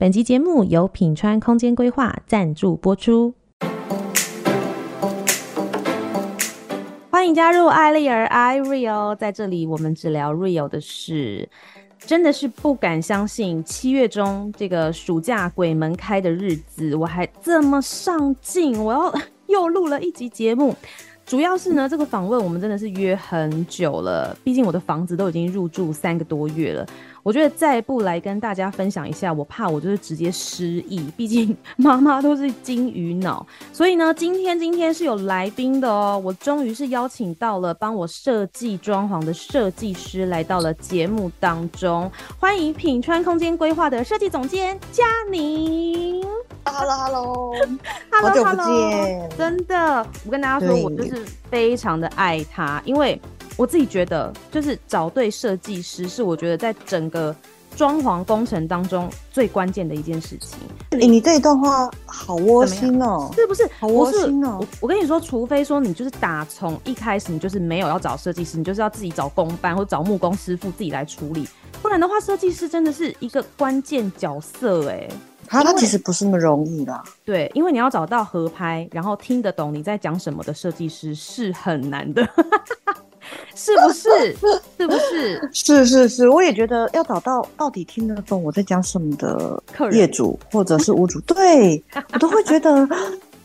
本集節目由品川空間規劃贊助播出。歡迎加入艾莉兒 I real，在這裡我們只聊 real 的事，真的是不敢相信，七月中這個暑假鬼門開的日子，我還這麼上進我要又錄了一集節目。主要是呢，這個訪問我們真的是約很久了，畢竟我的房子都已經入住三個多月了。我覺得再不來跟大家分享一下，我怕我就是直接失憶。畢竟媽媽都是金魚腦，所以呢，今天今天是有來賓的哦。我終於是邀請到了幫我設計裝潢的設計師來到了節目當中，歡迎品川空間規劃的設計總監嘉寧。哈嘍哈嘍，哈嘍，好久不見。真的，我跟大家說，對我就是非常的愛他，因為。我自己覺得，就是找對設計師是我覺得在整個裝潢工程當中最關鍵的一件事情。你你這一段話好窩心哦，是不是？好窩心哦我我。我跟你說，除非說你就是打從一開始你就是沒有要找設計師，你就是要自己找工班或找木工師傅自己來處理，不然的話，設計師真的是一個關鍵角色、欸。哎它，他為其實不是那麼容易的、啊。對，因為你要找到合拍，然後聽得懂你在講什麼的設計師是很難的。 是不是？ 是不是？是是是，我也覺得要找到到底聽得懂我在講什麼的業主或者是屋主、客人。對，我都會覺得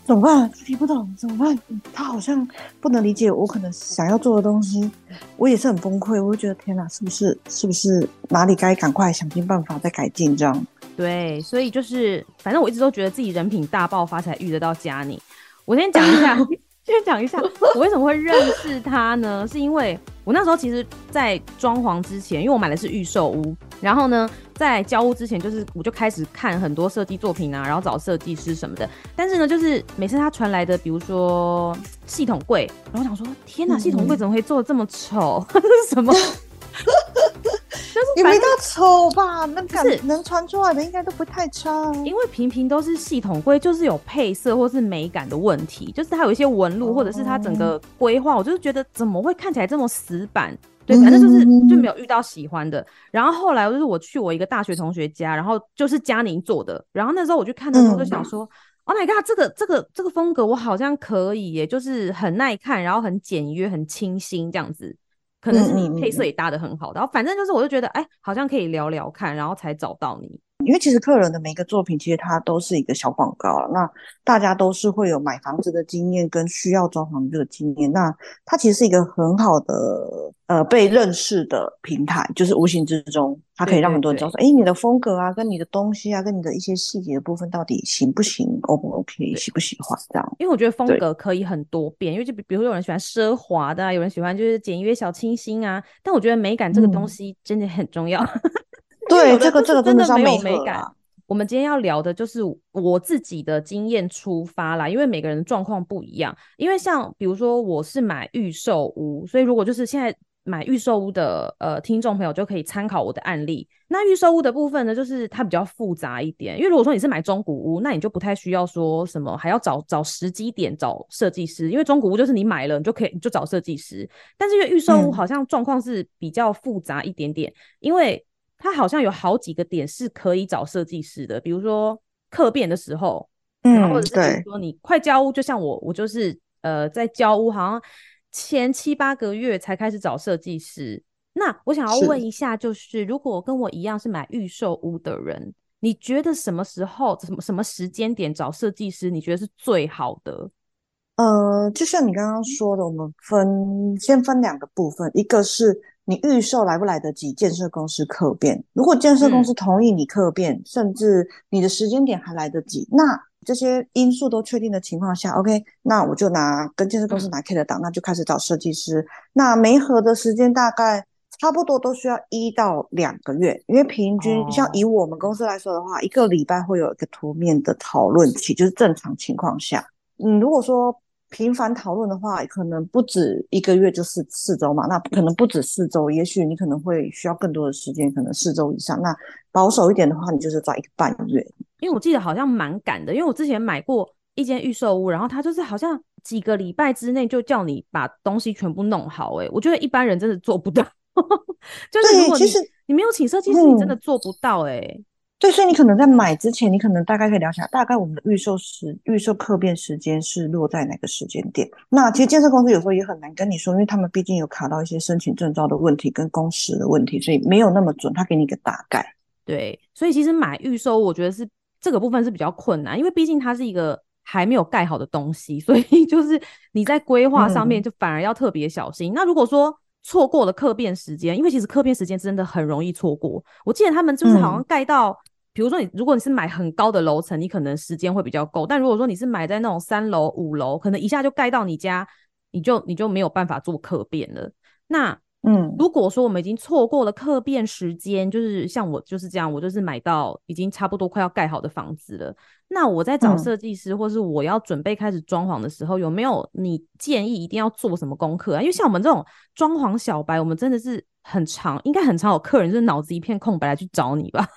怎麼辦？聽不懂怎麼辦？他好像不能理解我可能想要做的東西，我也是很崩潰。我就覺得天哪，是不是？是不是哪裡該趕快想盡辦法再改進？這樣。對，所以就是反正我一直都覺得自己人品大爆發才遇得到嘉寧。我先講一下。 先講一下，我為什麼會認識他呢？ 是因為我那時候其實，在裝潢之前，因為我買的是預售屋，然後呢，在交屋之前，就是我就開始看很多設計作品啊，然後找設計師什麼的。但是呢，就是每次他傳來的，比如說系統櫃，然後我想說：“天哪、啊，系統櫃怎麼會做得這麼醜？ 這是什麼？” 哈哈， 就是也沒到醜吧？能是，那能穿出來的應該都不太差。啊，因為平平都是系統規，就是有配色或是美感的問題，就是它有一些紋路，或者是它整個規劃，哦、我就是覺得怎麼會看起來這麼死板？對，嗯哼嗯哼，反正就是就沒有遇到喜歡的。然後後來我就是我去我一個大學同學家，然後就是嘉寧做的。然後那時候我去看的時候就想說、嗯、“Oh my god，這個這個這個風格我好像可以，耶，就是很耐看，然後很簡約，很清新這樣子。”可能是你配色也搭得很好的，嗯嗯嗯，然後反正就是我就覺得，哎，好像可以聊聊看，然後才找到你。因為其實客人的每一個作品，其實它都是一個小廣告、啊、那大家都是會有買房子的經驗，跟需要裝房子的經驗，那它其實是一個很好的呃被認識的平台，就是無形之中，它可以讓很多人知道說，哎、欸，你的風格啊，跟你的東西啊，跟你的一些細節的部分到底行不行，O、oh, 不 OK，喜不喜歡這樣？因為我覺得風格可以很多變，對因為就比比如說有人喜歡奢華的、啊，有人喜歡就是簡約小清新啊。但我覺得美感這個東西真的很重要。嗯沒沒對，這個這個真的沒有美感。我們今天要聊的就是我自己的經驗出發啦，因為每個人狀況不一樣。因為像比如說，我是買預售屋，所以如果就是現在買預售屋的呃聽眾朋友就可以參考我的案例。那預售屋的部分呢，就是它比較複雜一點，因為如果說你是買中古屋，那你就不太需要說什麼還要找找時機點找設計師，因為中古屋就是你買了你就可以你就找設計師。但是因為預售屋好像狀況是比較複雜一點點，嗯，因為。他好像有好幾個點是可以找設計師的，比如說客變的時候，嗯，或者是比如說你快交屋，對就像我，我就是呃在交屋，好像前七八個月才開始找設計師。那我想要問一下，就是，是如果跟我一樣是買預售屋的人，你覺得什麼時候、什麼什麼時間點找設計師，你覺得是最好的？呃，就像你剛剛說的，嗯、我們分先分兩個部分，一個是。你預售來不來得及？建設公司客變，如果建設公司同意你客變，嗯、甚至你的時間點還來得及，那這些因素都確定的情況下，OK，那我就拿跟建設公司拿 K 的檔，嗯、那就開始找設計師。那磨合的時間大概差不多都需要一到兩個月，因為平均、哦、像以我們公司來說的話，一個禮拜會有一個圖面的討論期，就是正常情況下，嗯，如果說。頻繁討論的話，可能不止一個月，就是四週嘛。那可能不止四週，也許你可能會需要更多的時間，可能四週以上。那保守一點的話，你就是抓一個半月。因為我記得好像蠻趕的，因為我之前買過一間預售屋，然後它就是好像幾個禮拜之內就叫你把東西全部弄好。哎，我覺得一般人真的做不到。 就是如果你你沒有請設計師，嗯、你真的做不到哎。對，所以你可能在買之前，你可能大概可以了解下，大概我們的預售時預售客變時間是落在哪個時間點？那其實建設公司有時候也很難跟你說，因為他們畢竟有卡到一些申請證照的問題跟工時的問題，所以沒有那麼準，他給你一個大概。對，所以其實買預售，我覺得是這個部分是比較困難，因為畢竟它是一個還沒有蓋好的東西，所以就是你在規劃上面就反而要特別小心。嗯、那如果說。錯過了客變時間，因為其實客變時間真的很容易錯過。我記得他們就是好像蓋到，嗯，比如說你，如果你是買很高的樓層，你可能時間會比較夠；但如果說你是買在那種三樓、五樓，可能一下就蓋到你家，你就你就沒有辦法做客變了。那嗯，如果說我們已經錯過了客變時間，就是像我就是這樣，我就是買到已經差不多快要蓋好的房子了。那我在找設計師，嗯、或是我要準備開始裝潢的時候，有沒有你建議一定要做什麼功課啊？因為像我們這種裝潢小白，我們真的是很長，應該很常有客人就是腦子一片空白來去找你吧，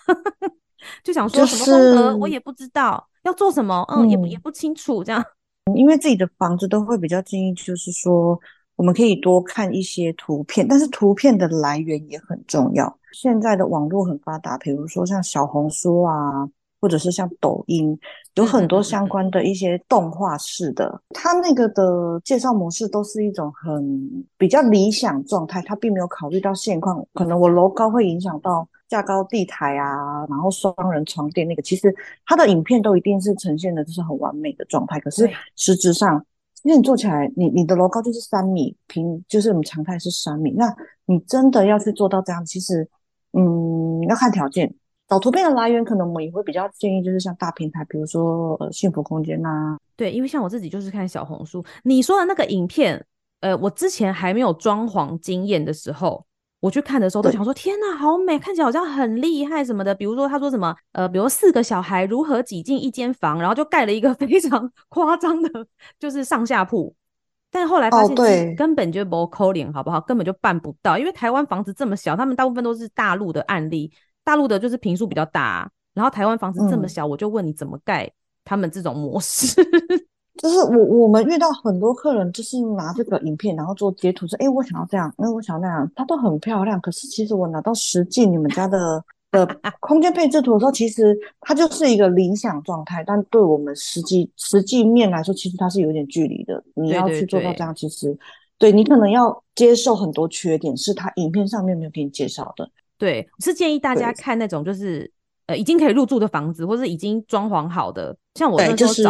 就想說什麼風格我也不知道，要做什麼，嗯，嗯也不也不清楚這樣、嗯。因為自己的房子都會比較建議，就是說。我們可以多看一些圖片，但是圖片的來源也很重要。現在的網絡很發達，比如說像小紅書啊，或者是像抖音，有很多相關的一些動畫式的，它那個的介紹模式都是一種很比較理想狀態，它並沒有考慮到現況。可能我樓高會影響到架高地台啊，然後雙人床墊那個，其實它的影片都一定是呈現的就是很完美的狀態，可是實質上。因為你做起來，你你的樓高就是三米，平就是我們常態是三米。那你真的要去做到這樣，其實，嗯，要看條件。找圖片的來源，可能我們也會比較建議，就是像大平台，比如說呃，幸福空間吶、啊。對，因為像我自己就是看小紅書。你說的那個影片，呃，我之前還沒有裝潢經驗的時候。我去看的時候都想說：天啊，好美，看起來好像很厲害什麼的。比如說他說什麼，呃，比如四個小孩如何擠進一間房，然後就蓋了一個非常誇張的，就是上下鋪。但後來發現，根本就不可能，好不好？根本就辦不到，因為台灣房子這麼小，他們大部分都是大陸的案例，大陸的就是坪數比較大。然後台灣房子這麼小，我就問你怎麼蓋他們這種模式。嗯 就是我我們遇到很多客人，就是拿這個影片，然後做截圖說：“哎，我想要這樣，哎，我想要那樣。”它都很漂亮，可是其實我拿到實際你們家的的、呃、空間配置圖的時候，其實它就是一個理想狀態。但對我們實際實際面來說，其實它是有點距離的。你要去做到這樣，對對對其實對你可能要接受很多缺點，是它影片上面沒有給你介紹的。對，我是建議大家看那種就是對呃已經可以入住的房子，或是已經裝潢好的，像我那時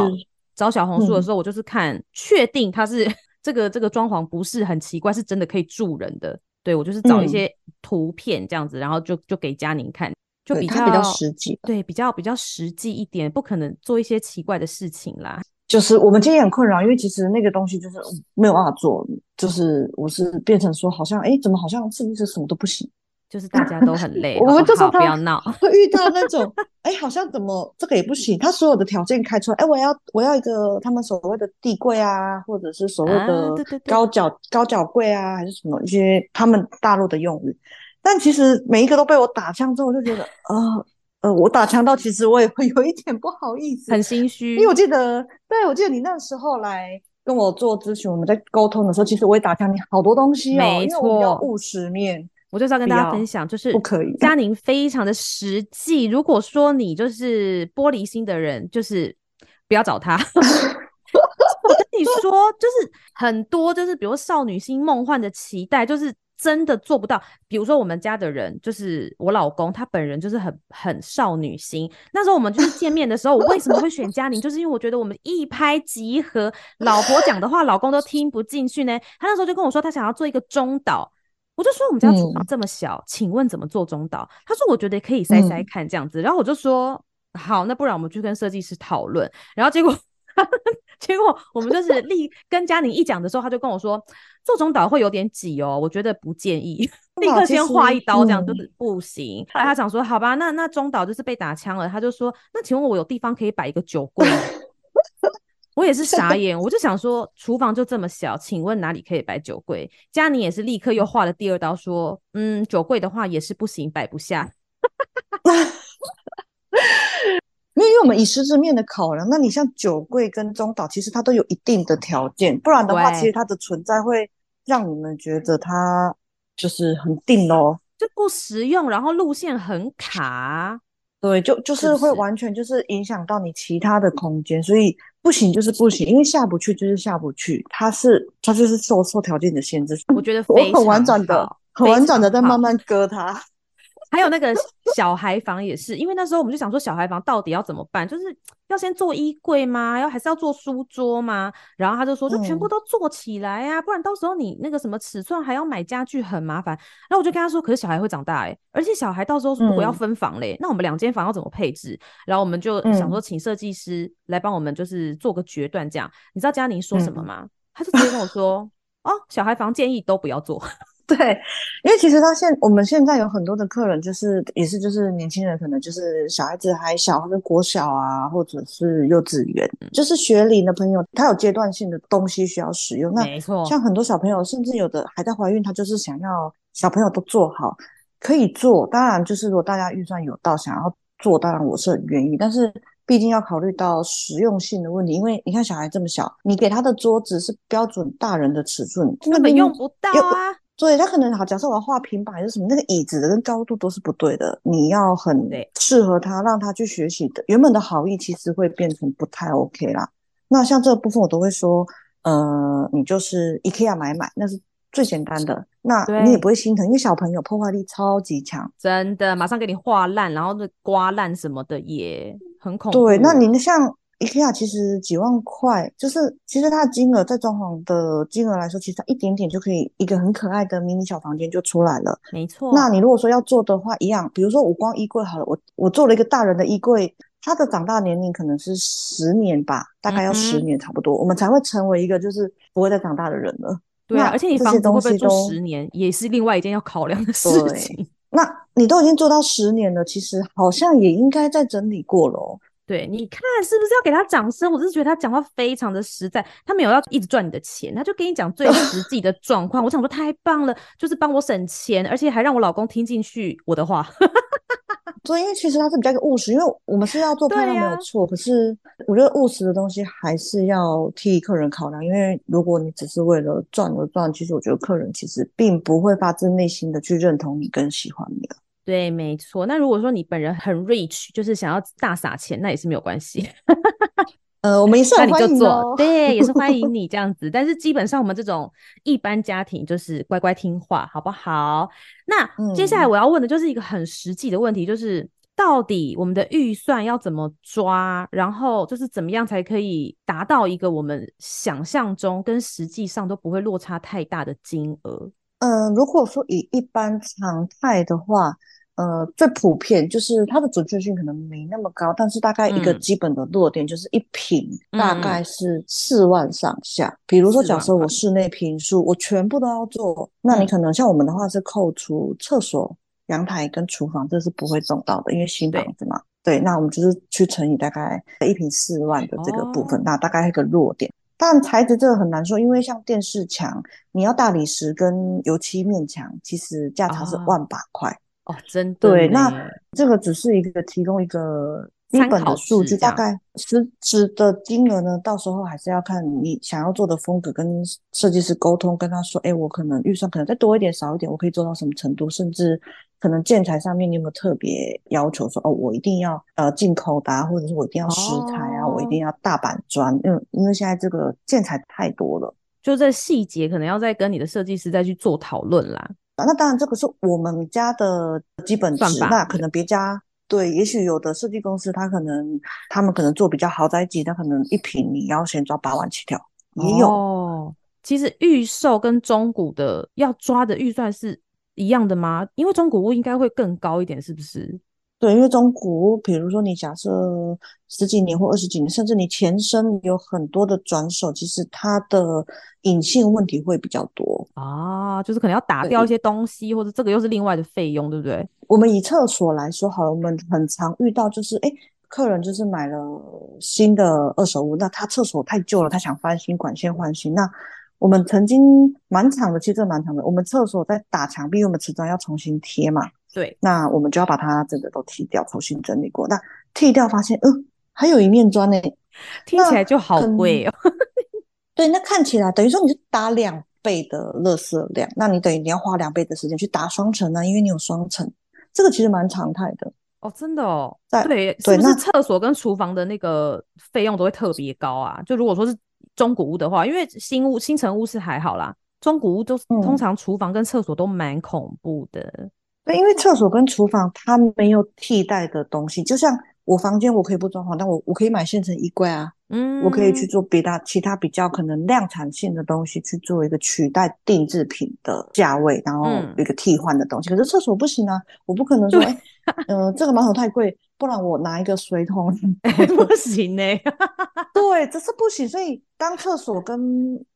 找小紅書的時候，嗯、我就是看確定它是這個這個裝潢不是很奇怪，是真的可以住人的。對我就是找一些圖片這樣子，嗯、然後就就給嘉寧看，就比較比較實際，對比較比較實際一點，不可能做一些奇怪的事情啦。就是我們今天很困擾，因為其實那個東西就是沒有辦法做，就是我是變成說好像哎、欸，怎麼好像是不是什麼都不行？就是大家都很累， 我們就是不要鬧。會遇到那種 哎，好像怎麼？這個也不行。他所有的條件開出來，哎，我要我要一個他們所謂的地櫃啊，或者是所謂的高腳、啊、對對對，高腳櫃啊，還是什麼一些他們大陸的用語。但其實每一個都被我打槍之後，我就覺得啊， 呃，呃，我打槍到其實我也會有一點不好意思，很心虛。因為我記得，對，我記得你那時候來跟我做諮詢，我們在溝通的時候，其實我也打槍你好多東西哦、喔，沒錯，因為我務實面。我就是要跟大家分享，要就是嘉寧非常的實際。啊、如果說你就是玻璃心的人，就是不要找他。 我跟你說，就是很多就是比如少女心、夢幻的期待，就是真的做不到。比如說我們家的人，就是我老公，他本人就是很很少女心。那時候我們就是見面的時候，我為什麼會選嘉寧？就是因為我覺得我們一拍即合。老婆講的話，老公都聽不進去呢。他那時候就跟我說，他想要做一個中島。我就說我們家廚房這麼小，嗯、請問怎麼做中島？他說我覺得可以塞塞看這樣子。嗯、然後我就說好，那不然我們去跟設計師討論。然後結果， 結果我們就是立 跟嘉寧一講的時候，他就跟我說做中島會有點擠哦，我覺得不建議，立刻先劃一刀這樣，就是不行。嗯、後來他想說好吧，那那中島就是被打槍了。他就說那請問我有地方可以擺一個酒櫃？ 我也是傻眼，的我就想說廚房就這麼小，請問哪裡可以擺酒櫃？嘉寧也是立刻又畫了第二刀，說：“嗯，酒櫃的話也是不行，擺不下。 ” 因為我們以實質面的考量，那你像酒櫃跟中島，其實它都有一定的條件，不然的話，對其實它的存在會讓你們覺得它就是很定咯，就不實用，然後路線很卡，對，就就是會完全就是影響到你其他的空間，所以。不行就是不行，因為下不去就是下不去，它是它就是受受條件的限制。我覺得非常我很婉轉的，常很婉轉的在慢慢割它。還有那個小孩房也是，因為那時候我們就想說小孩房到底要怎麼辦，就是要先做衣櫃嗎？要還是要做書桌嗎？然後他就說，就全部都做起來呀、啊，嗯、不然到時候你那個什麼尺寸還要買家具很麻煩。然後我就跟他說，可是小孩會長大誒、欸、而且小孩到時候如果要分房嘞，嗯、那我們兩間房要怎麼配置？然後我們就想說請設計師來幫我們就是做個決斷，這樣、嗯、你知道嘉寧說什麼嗎？嗯、他就直接跟我說 哦，小孩房建議都不要做。對，因為其實他現我們現在有很多的客人，就是也是就是年輕人，可能就是小孩子還小，或者國小啊，或者是幼稚園，就是學齡的朋友，他有階段性的東西需要使用。那沒錯，像很多小朋友，甚至有的還在懷孕，他就是想要小朋友都做好，可以做。當然，就是如果大家預算有到，想要做，當然我是很願意。但是畢竟要考慮到實用性的問題，因為你看小孩這麼小，你給他的桌子是標準大人的尺寸，根本用不到啊。有對他可能好，假設我要畫平板還是什麼，那個椅子的跟高度都是不對的，你要很適合他，讓他去學習的，原本，的好意其實會變成不太 OK 啦。那像這個部分，我都會說，呃，你就是 IKEA 買一買，那是最簡單的，那你也不會心疼，因為小朋友破壞力超級強，真的馬上給你畫爛，然後刮爛什麼的也很恐怖。對，那你像。IKEA 其實幾萬塊，就是其實它的金額在裝潢的金額來說，其實它一點點就可以一個很可愛的迷你小房間就出來了。沒錯錯。那你如果說要做的話，一樣，比如說我光衣櫃好了，我我做了一個大人的衣櫃，它的長大年齡可能是十年吧，大概要十年差不多，嗯、我們才會成為一個就是不會再長大的人了。對啊，那而且你房子會不會住這些東西都十年，也是另外一件要考量的事情。對。那你都已經做到十年了，其實好像也應該再整理過了、喔。哦。對，你看是不是要給他掌聲？我真是覺得他講話非常的實在，他沒有要一直賺你的錢，他就跟你講最實際的狀況。 我想說太棒了，就是幫我省錢，而且還讓我老公聽進去我的話。所 以其實他是比較一個務實，因為我們是要做客人的，沒有錯。啊、可是我覺得務實的東西還是要替客人考量，因為如果你只是為了賺而賺，其實我覺得客人其實並不會發自內心的去認同你跟喜歡你的。對，沒錯。那如果說你本人很 rich，就是想要大撒錢，那也是沒有關係。 呃，我們也是歡迎，那你就做，對，也是歡迎你這樣子。 但是基本上我們這種一般家庭，就是乖乖聽話，好不好？那接下來我要問的就是一個很實際的問題，嗯、就是到底我們的預算要怎麼抓？然後就是怎麼樣才可以達到一個我們想象中跟實際上都不會落差太大的金額？嗯、呃，如果說以一般常態的話，呃，最普遍就是它的準確性可能沒那麼高，但是大概一個基本的落點就是一坪大概是四萬上下。比如說，假設我室內坪數，我全部都要做，那你可能像我們的話是扣除廁所、陽台跟廚房，這是不會動到的，因為新房子嘛。對，對對，那我們就是去乘以大概一坪四萬的這個部分，哦、那大概一個落點。但材質這個很難說，因為像電視牆，你要大理石跟油漆面牆，其實價差是萬把塊哦，真對。那這個只是一個提供一個基本的數據，大概實質的金額呢，到時候還是要看你想要做的風格，跟設計師溝通，跟他說，哎、欸，我可能預算可能再多一點，少一點，我可以做到什麼程度，甚至可能建材上面你有沒有特別要求說，說哦，我一定要呃進口的啊，或者是我一定要石材啊。哦我一定要大板磚，因為因為現在這個建材太多了，就這細節可能要再跟你的設計師再去做討論啦、啊。那當然，這個是我們家的基本算法，那可能別家對,對，也許有的設計公司，他可能他們可能做比較豪宅級，他可能一平你要先抓八萬起跳。也有。哦、其實預售跟中古的要抓的預算是一樣的嗎？因為中古屋應該會更高一點，是不是？對，因為中古，比如說你假設十幾年或二十幾年，甚至你前身有很多的轉手，其實它的隱性問題會比較多啊，就是可能要打掉一些東西，對或者這個又是另外的費用，對不對？我們以廁所來說好了，我們很常遇到就是，誒客人就是買了新的二手屋，那他廁所太舊了，他想翻新管線換新。那我們曾經滿場的其實這滿場的，我們廁所在打牆壁，因為我們瓷磚要重新貼嘛。對，那我們就要把它整個都踢掉，重新整理過。那踢掉發現，嗯、呃，還有一面磚呢、欸，踢起來就好貴哦、喔嗯。對，那看起來等於說你是打兩倍的垃圾量，那你等於你要花兩倍的時間去打雙層呢，因為你有雙層，這個其實蠻常態的哦，真的哦，在對對，那廁所跟廚房的那個費用都會特別高啊、嗯。就如果說是中古屋的話，因為新屋、新成屋是還好啦，中古屋都是通常廚房跟廁所都蠻恐怖的。嗯因為廁所跟廚房，它沒有替代的東西。就像我房間，我可以不裝潢，但我我可以買現成衣櫃啊，嗯，我可以去做別的，其他比較可能量產性的東西，去做一個取代定制品的價位，然後一個替換的東西。可是廁所不行啊，我不可能說，哎對，這個馬桶太貴。不然我拿一個水桶、 欸，不行呢、欸。 對，這是不行。所以，當廁所跟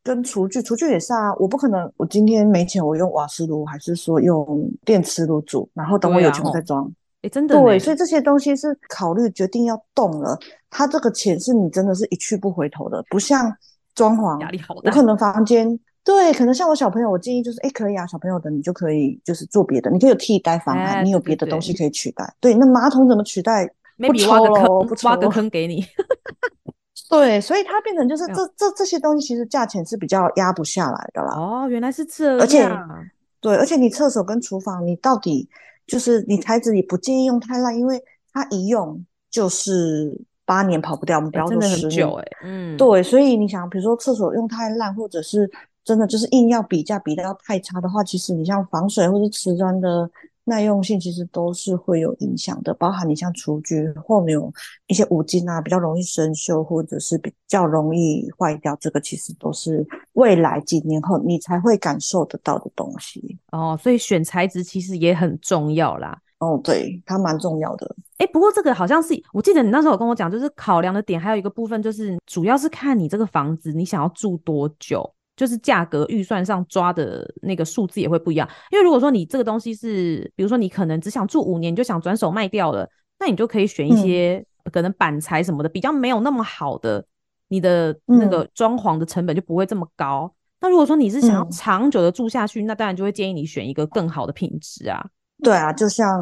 跟廚具，廚具也是啊。我不可能，我今天沒錢，我用瓦斯爐，還是說用電磁爐煮？然後等我有錢我再裝。哎、啊哦欸，真的對，所以這些東西是考慮決定要動了。他這個錢是你真的是一去不回頭的，不像裝潢，壓力好大我可能房間。對，可能像我小朋友，我建議就是，哎、欸，可以啊，小朋友的你就可以就是做別的，你可以有替代方案，欸、對對對，你有別的東西可以取代。對，那馬桶怎麼取代？Maybe 不挖個坑，不挖個坑給你。 對，所以它變成就是這這這些東西其實價錢是比較壓不下來的啦。哦，原來是這樣、啊。而且，對，而且你廁所跟廚房，你到底就是你台子，也不建議用太爛，因為它一用就是八年跑不掉，我們不要做、欸、很久、欸。哎，嗯，對，所以你想，比如說廁所用太爛，或者是。真的就是硬要比價比的要太差的話，其實你像防水或者瓷磚的耐用性，其實都是會有影響的。包含你像廚具後面有一些五金啊，比較容易生銹或者是比較容易壞掉，這個其實都是未來幾年後你才會感受得到的東西哦。所以選材質其實也很重要啦。哦，對，它蠻重要的。哎、欸，不過這個好像是我記得你那時候有跟我講，就是考量的點還有一個部分，就是主要是看你這個房子你想要住多久。就是價格預算上抓的那個數字也會不一樣，因為如果說你這個東西是，比如說你可能只想住五年，你就想轉手賣掉了，那你就可以選一些可能板材什麼的、嗯、比較沒有那麼好的，你的那個裝潢的成本就不會這麼高。嗯、那如果說你是想要長久的住下去，嗯、那當然就會建議你選一個更好的品質啊。對啊，就像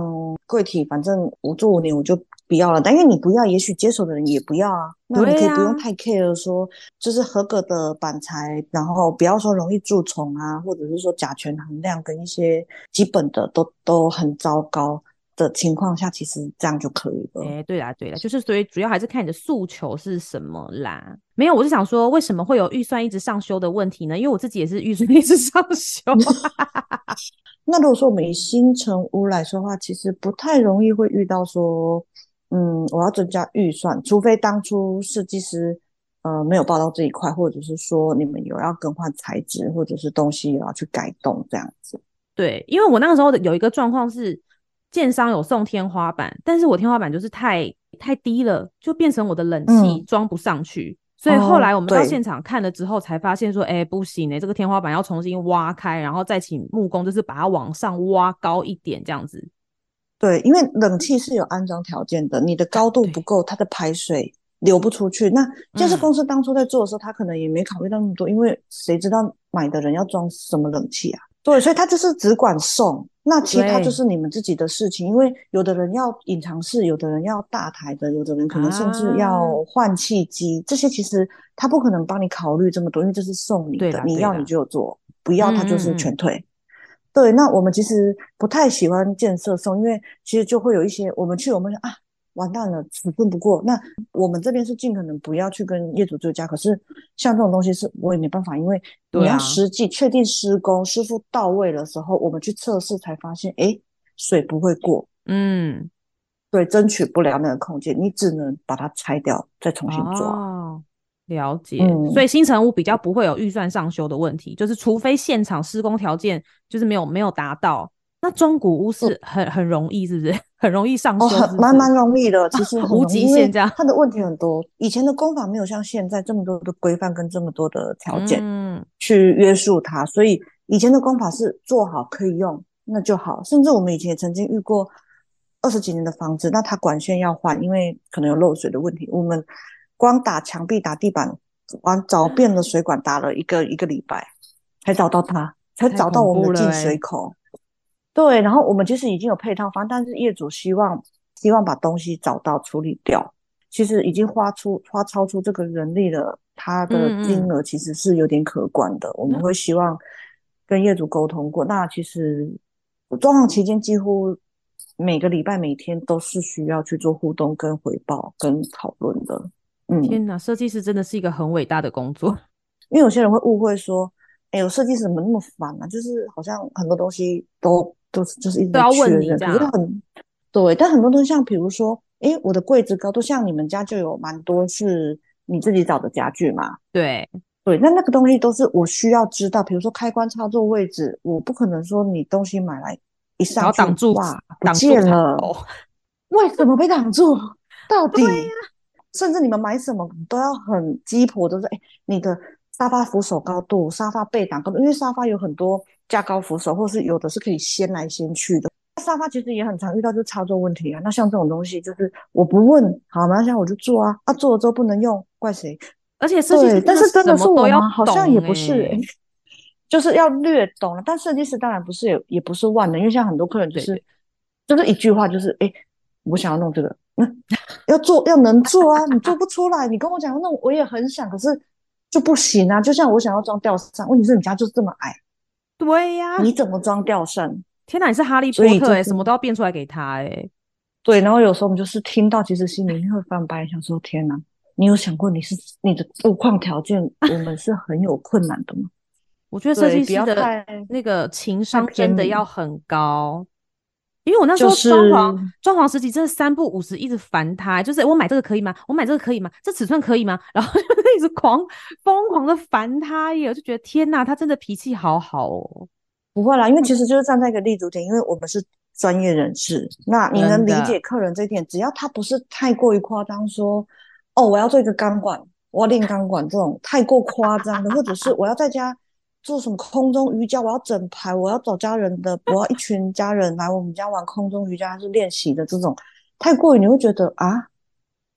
櫃體，反正我住五年我就。不要了，但願你不要，也許接手的人也不要啊。對、oh、yeah. 你可以不用太 care，說就是合格的板材，然後不要說容易蛀蟲啊，或者是說甲醛含量跟一些基本的都都很糟糕的情況下，其實這樣就可以了。哎、欸，對啦，對啦，就是所以主要還是看你的訴求是什麼啦。沒有，我是想說，為什麼會有預算一直上修的問題呢？因為我自己也是預算一直上修。 那如果說我們以新成屋來說的話，其實不太容易會遇到說。嗯，我要增加預算，除非當初設計師呃沒有報到這一塊，或者是說你們有要更換材質，或者是東西有要去改動這樣子。對，因為我那個時候有一個狀況是建商有送天花板，但是我天花板就是太太低了，就變成我的冷氣裝不上去，嗯、所以後來我們到現場看了之後，才發現說，哎，不行誒、欸，這個天花板要重新挖開，然後再請木工，就是把它往上挖高一點這樣子。對，因為冷氣是有安裝條件的，你的高度不夠，對它的排水流不出去。那建設公司當初在做的時候，嗯、他可能也沒考慮到那麼多，因為誰知道買的人要裝什麼冷氣啊？對，所以他就是只管送。那其他就是你們自己的事情，對因為有的人要隱藏式，有的人要大台的，有的人可能甚至要換氣機，啊、這些其實他不可能幫你考慮這麼多，因為這是送你的，啊啊、你要你就有做，不要他就是全退。嗯嗯對，那我們其實不太喜歡建設送，因為其實就會有一些我們去，我們啊，完蛋了，尺寸不過。那我們這邊是盡可能不要去跟業主追加，可是像這種東西是我也沒辦法，因為你要實際確定施工、啊、師傅到位的時候，我們去測試才發現，哎，水不會過。嗯，對，爭取不了那個空間，你只能把它拆掉再重新做。啊了解，嗯、所以新成屋比較不會有預算上修的問題，就是除非現場施工條件就是沒有沒有達到。那中古屋是很、哦、很容易，是不是很容易上修是不是？很蠻蠻容易的，其實、啊、無極限這樣。它的問題很多，以前的工法沒有像現在這麼多的規範跟這麼多的條件，嗯，去約束它。嗯、所以以前的工法是做好可以用，那就好。甚至我們以前曾經遇過二十幾年的房子，那它管線要換，因為可能有漏水的問題。我們。光打牆壁、打地板，完，找遍了水管，打了一個一個禮拜，才找到他，才找到我們進水口。對，然後我們其實已經有配套房，但是業主希望希望把東西找到處理掉。其實已經花出花超出這個人力了，他的金額其實是有點可觀的。嗯嗯，我們會希望跟業主溝通過。那其實我裝潢期間，幾乎每個禮拜、每天都是需要去做互動、跟回報、跟討論的。嗯、天哪，設計師真的是一個很偉大的工作。因為有些人會誤會說：“哎、欸，我設計師怎麼那麼煩啊？就是好像很多東西都都是，就是一直都要問你這樣。很”對，但很多東西像比如說，哎、欸，我的櫃子高度，像你們家就有蠻多是你自己找的家具嘛？對對，那那個東西都是我需要知道，比如說開關插座位置，我不可能說你東西買來一上擋住哇，不見了，為什麼被擋住？ 到底？甚至你們買什麼都要很雞婆，都是哎，你的沙發扶手高度、沙發背擋高度，因為沙發有很多加高扶手，或者是有的是可以掀來掀去的。沙發其實也很常遇到就插座問題啊。那像這種東西，就是我不問，好，現在我就做啊。那、啊、做了之後不能用，怪誰？而且設計師，但是真的是我要、欸，好像也不是、欸，就是要略懂。但設計師當然不是也，也不是萬能，因為像很多客人就是對對對就是一句話就是哎，我想要弄這個。 要做要能做啊，你做不出來。你跟我講，那我也很想，可是就不行啊。就像我想要裝吊扇，問題是你家就是這麼矮。對呀，啊，你怎麼裝吊扇？天哪，你是哈利波特哎，欸，就是，什麼都要變出來給他哎，欸。對，然後有時候我們就是聽到，其實心裡面會翻白， 想說天哪，你有想過你是你的路況條件， 我們是很有困難的嗎？我覺得設計師的那個情商真的要很高。因為我那時候裝潢，就是、裝潢時期真的三不五時一直煩他，就是我買這個可以嗎？我買這個可以嗎？這尺寸可以嗎？然後就一直狂瘋狂的煩他耶，我就覺得天哪，他真的脾氣好好哦。不會啦，因為其實就是站在一個立足點，嗯、因為我們是專業人士，那你能理解客人這一點，只要他不是太過於誇張，說哦我要做一個鋼管，我要練鋼管這種太過誇張的，或者是我要在家。做什麼空中瑜伽？我要整排，我要找家人的，我要一群家人來我們家玩空中瑜伽，還是練習的這種太過於你會覺得啊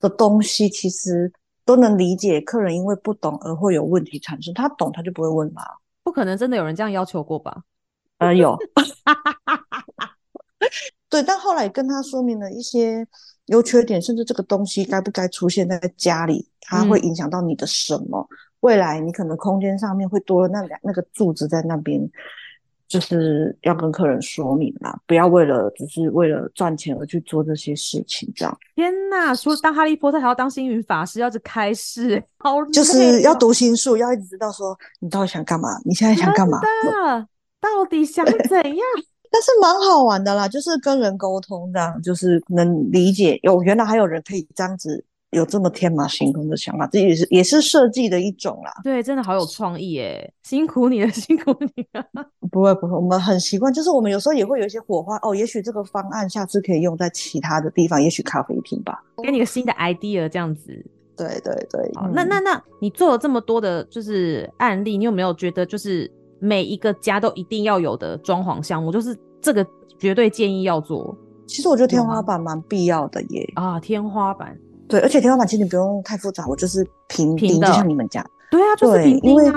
的東西，其實都能理解。客人因為不懂而會有問題產生，他懂他就不會問嘛。不可能，真的有人這樣要求過吧？呃，有。 對，但後來跟他說明了一些優缺點，甚至這個東西該不該出現在家裡，它會影響到你的什麼？嗯未來你可能空間上面會多了那兩那個柱子在那邊，就是要跟客人說明啦，不要為了只是為了賺錢而去做這些事情，這樣。天哪，說當哈利波特，還要當星雲法師，要這開示，哦、就是要讀心術，要一直知道說你到底想幹嘛，你現在想幹嘛，的我到底想怎樣？ 但是蠻好玩的啦，就是跟人溝通這樣，就是能理解。有、哦、原來還有人可以這樣子。有這麼天馬行空的想法，這也是也是設計的一種啦。對，真的好有創意誒是辛苦你了，辛苦你了。不會不會，我們很習慣，就是我們有時候也會有一些火花哦。也許這個方案下次可以用在其他的地方，也許咖啡廳吧，我給你個新的 idea 這樣子。對對對。哦嗯、那那那你做了這麼多的就是案例，你有沒有覺得就是每一個家都一定要有的裝潢項目，就是這個絕對建議要做？其實我覺得天花板蠻必要的耶啊，天花板。對，而且天花板其實你不用太複雜，我就是平平的就像你們家。對啊，對就是平啊，因為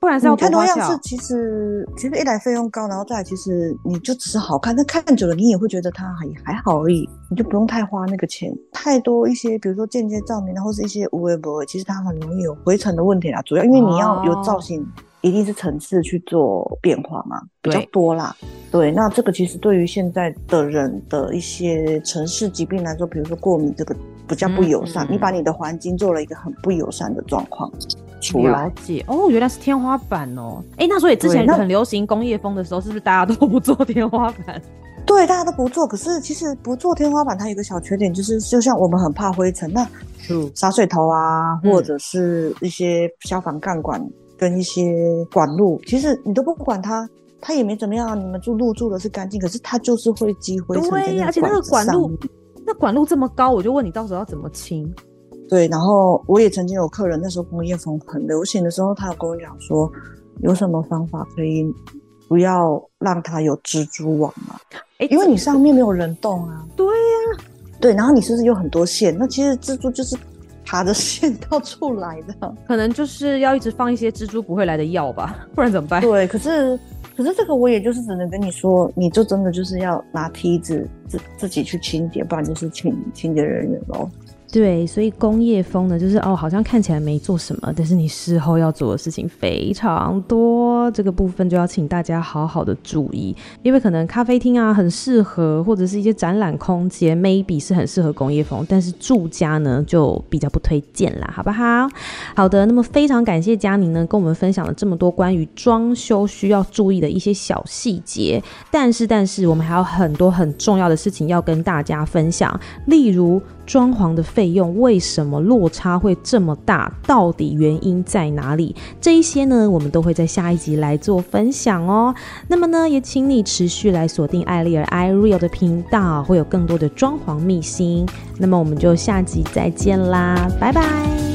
不然是要太多，多樣式。其實其實一來費用高，然後再來其實你就只是好看，但看久了你也會覺得它還還好而已，你就不用太花那個錢。太多一些，比如說間接照明，然後是一些無微不的，其實它很容易有回程的問題啦。主要因為你要有造型。Oh. 一定是層次去做變化嘛，比較多啦。對，對，那這個其實對於現在的人的一些城市疾病來說，比如說過敏，這個比較不友善。嗯嗯、你把你的環境做了一個很不友善的狀況出來。了解哦，原來是天花板哦。哎、欸，那所以之前很流行工業風的時候，是不是大家都不做天花板？對，大家都不做。可是其實不做天花板，它有個小缺點，就是就像我們很怕灰塵，那灑水頭啊，或者是一些消防幹管。嗯跟一些管路，其實你都不管它，它也沒怎麼樣。你們住入住的是乾淨，可是它就是會積灰塵。對，而且那個管路，面那管路這麼高，我就問你到時候要怎麼清？對，然後我也曾經有客人，那時候工業風很流行的時候，他有跟我講說，有什麼方法可以不要讓它有蜘蛛網啊？欸、因為你上面沒有人動啊。對呀、啊，對，然後你是不是有很多線？那其實蜘蛛就是。爬著線到處來的，可能就是要一直放一些蜘蛛不會來的藥吧，不然怎麼辦？對，可是可是這個我也就是只能跟你說，你就真的就是要拿梯子自自己去清潔，不然就是請清潔人員嘍。對，所以工業風呢，就是哦，好像看起來沒做什麼，但是你事後要做的事情非常多。這個部分就要請大家好好的注意，因為可能咖啡廳啊，很適合，或者是一些展覽空間，maybe 是很適合工業風，但是住家呢就比較不推薦啦，好不好？好的，那麼非常感謝嘉寧呢，跟我們分享了這麼多關於裝修需要注意的一些小細節。但是，但是我們還有很多很重要的事情要跟大家分享，例如。裝潢的費用為什麼落差會這麼大？到底原因在哪裡？這一些呢，我們都會在下一集來做分享哦。那麼呢，也請你持續來鎖定艾莉兒 Ireal 的頻道，會有更多的裝潢祕辛。那麼我們就下集再見啦，拜拜。